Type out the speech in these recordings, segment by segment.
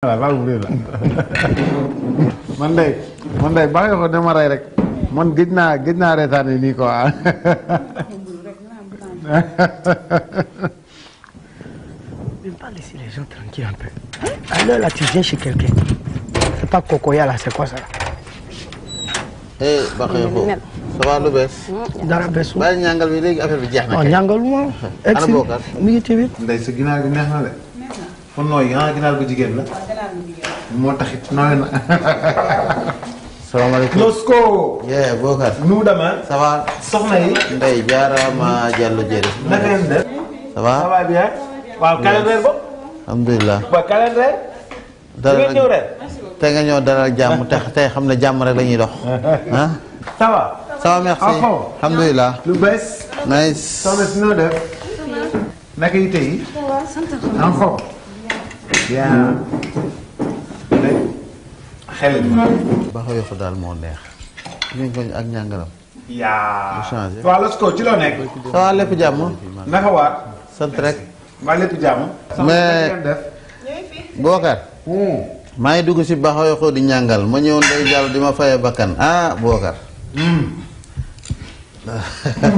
voilà alhamdulilah man day man day baax yoo xam ne ma rey rek man gëj naa gëj naa reetaan nii quoi ne pas laisser les gens tranquilles un peu. Alors ah, là, tu viens chez quelqu'un. C'est pas Kokoya là, c'est quoi ça là. eh Bakayoko ça va lu bees. Mm, dara beesul bàyyi ñàngal bi léegi affaire bi jeex na. waaw ñàngal mu mi ngi ci biir. ndey sa ginaar gi neex na de. kon nooy ah ginaar gu jigéen la. moo taxit nooy na. salaamaaleykum Nosko. yee Bokar. nu soxna yi. Ndeye jaarama Diallo Diéré. naka ngeen def. te nga ñëw dara jàmm te xam ne jàmm rek la dox. ah. ça va. ça nice. soxna si noo yi yaa xel daal moo neex ñu ko ak ñàngaram yaa changé jàmm naka waat rek mais Bokar hmm. maa ngi dugg ci baxaw ko di ñàngal ma ñëwoon day jàll di ma faye bakkan ah Bokar hmm.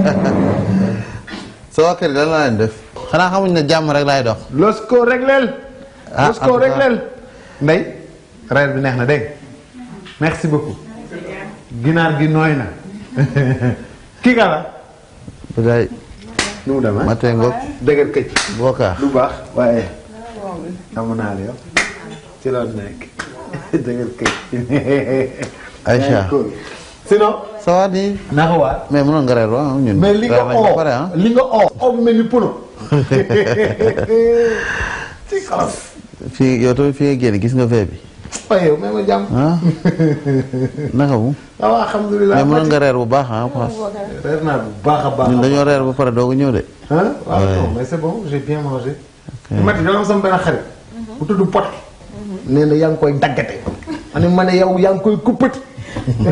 sa waa kër yi lan la leen def xanaa xamuñ ne jàmm rek laay dox los ko régleel ah en tout cas reer bi neex na dégg merci beaucoup. ginaar gi nooy na. ki nga la. Bilaay. nu mu demee ah? dëgër këcc. Boka lu baax waaye. amoon naa la yow ci mais mënoon nga reer waa mais li nga oo ah. oo. om mel ni pono. fii yow tamit fi nga génn gis nga fee bi. waaye yow même ah? ah, nga reer bu baax ah. reer bu pare doog a ñëw de. ah waaw non ah, mais c'est am sama benn mhm. mhm. yaa ngi koy daggate. ma ne ma yaa ngi koy kuppati.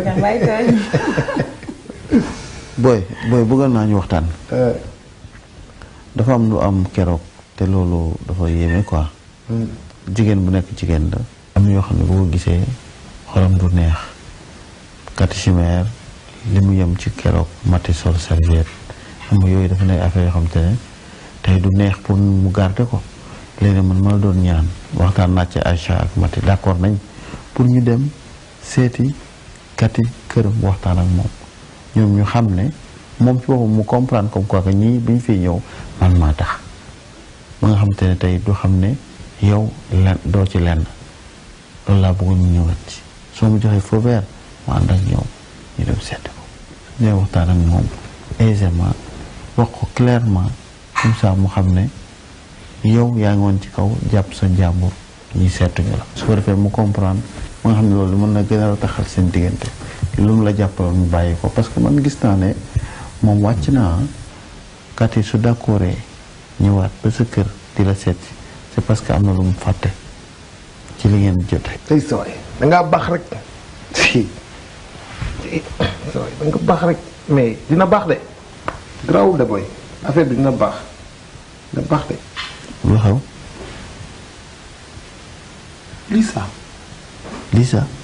booy booy bëggoon naa ñu waxtaan. Euh. dafa am lu am keroog te loolu dafa yéeme quoi. Hmm. jigéen bu nekk jigéen la am yoo xam ne boo gisee xolam du neex catéchumère li mu yem ci keroog mati sol serviette xam nga yooyu dafa nekk affaire yoo xam te ne tey du neex pour mu garder ko léegi man ma la doon ñaan waxtaan naa ci Aïcha ak mati d'accord nañ pour ñu dem seeti kati këram waxtaan ak moom ñoom ñu xam ne moom ci boppam mu comprendre comme quoi que ñii bi ñu ñëw man maa tax ba nga xam ne tey du xam ne yow lenn doo ci lenn loolu laa bëggoon ñu ñëwaat ci soo mu joxee feu vert mu ànd ak ñoom ñu dem seet ko ñooy waxtaan ak moom aisément wax ko clairement comme ça mu xam ne yow yaa ngi woon ci kaw jàpp sa njàmbur ñuy seetuñu la su ko defee mu comprendre mu nga xam ne loolu mën na gën a taxal seen diggante lu mu la jàppaloon mu bàyyi ko parce que man gis naa ne moom wàcc naa kat yi su d'accordee ñëwaat ba sa kër di la seeti c'est parce que am na lu mu fàtte ci li ngeen jotee. tey baax rek si da baax rek mais dina baax de grawul de boy affaire dina baax dina baax de. lu xew. Lisa. Lisa.